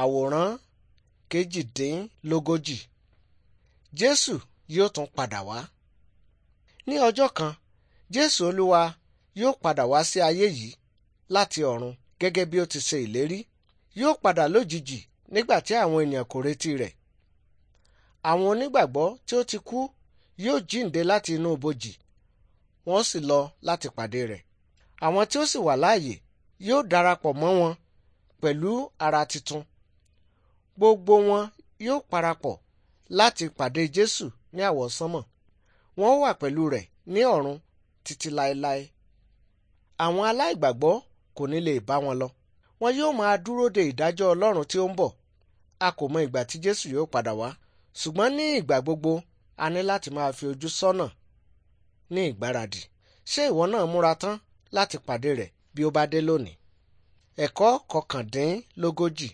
Àwòrán kejìdínlógójì. Jésù yóò tún padà wá. Ní ọjọ́ kan, Jésù Olúwa yóò padà wá sí ayé yìí láti ọ̀run gẹ́gẹ́ bí ó ti ṣe ìlérí. Yóò padà lójijì nígbà tí àwọn ènìyàn kò retí rẹ̀. Àwọn onígbàgbọ́ tí ó ti kú yóò jíǹde láti inú ibojì, wọ́n sì lọ láti pàdé rẹ̀. Àwọn tí ó sì wà láàyè yóò darapọ̀ mọ́ wọn pẹ̀lú ara titun gbogbo wọn yóò parapọ̀ láti pàdé Jésù ní àwọsánmọ̀ wọn ó wà pẹ̀lú rẹ̀ ní ọ̀run títí láéláé àwọn aláìgbàgbọ́ kò ní lè bá wọn lọ wọn yóò máa dúró de ìdájọ́ Ọlọ́run tí ó ń bọ̀ a kò mọ ìgbà tí Jésù yóò padà wá ṣùgbọ́n ní ìgbà gbogbo a ní láti máa fi ojú sọ́nà ní ìgbáradì ṣé ìwọ náà múra tán láti pàdé rẹ̀ bí ó bá dé lónìí ẹ̀kọ́ kọkàndínlógójì